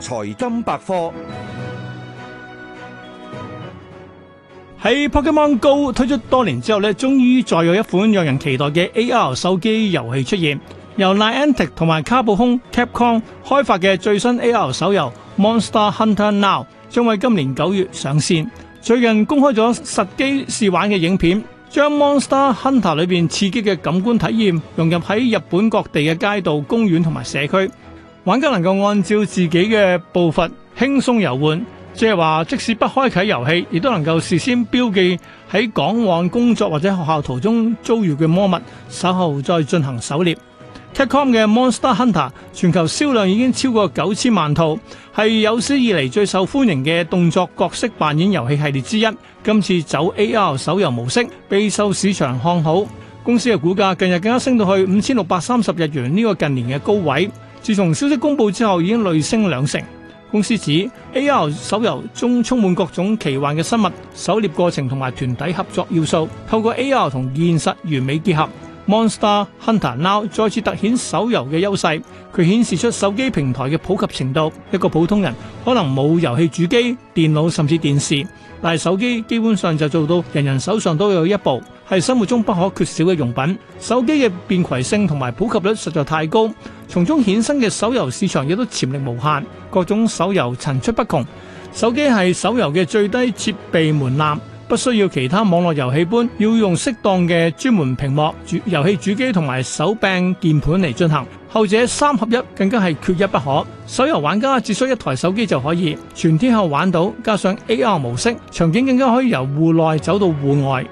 財金百科喺 Pokemon Go 推出多年之後咧，終於再有一款讓人期待嘅 AR 手機遊戲出現。由 Niantic 同埋卡布空 Capcom 開發嘅最新 AR 手遊 Monster Hunter Now 將於今年九月上線。最近公開咗實機試玩嘅影片，將 Monster Hunter 裏邊刺激嘅感官體驗融入喺日本各地嘅街道、公園同埋社區。玩家能夠按照自己嘅步伐輕鬆遊玩，即係話，即使不開啟遊戲，亦都能夠事先標記喺趕往工作或者學校途中遭遇嘅魔物，稍後再進行狩獵。Capcom 嘅 Monster Hunter 全球銷量已經超過九千萬套，係有史以嚟最受歡迎嘅動作角色扮演遊戲系列之一。今次走 AR 手遊模式，備受市場看好，公司嘅股價近日更加升到去五千六百三十日元呢個近年嘅高位。自從消息公佈之後，已經累升兩成。公司指 AR 手遊中充滿各種奇幻嘅生物、狩獵過程同埋團體合作要素，透過 AR 同現實完美結合。Monster Hunter Now 再次突顯手遊嘅優勢，佢顯示出手機平台嘅普及程度。一個普通人可能冇遊戲主機、電腦甚至電視，但係手機基本上就做到人人手上都有一部，係生活中不可缺少嘅用品。手機嘅便攜性同埋普及率實在太高，從中衍生嘅手遊市場亦都潛力無限。各種手遊層出不窮，手機係手遊嘅最低設備門檻。不需要其他網絡遊戲般，要用適當嘅專門屏幕、遊戲主機同埋手柄鍵盤嚟進行。後者三合一更加係缺一不可。手遊玩家只需要一台手機就可以全天候玩到，加上 AR 模式，場景更加可以由戶內走到戶外。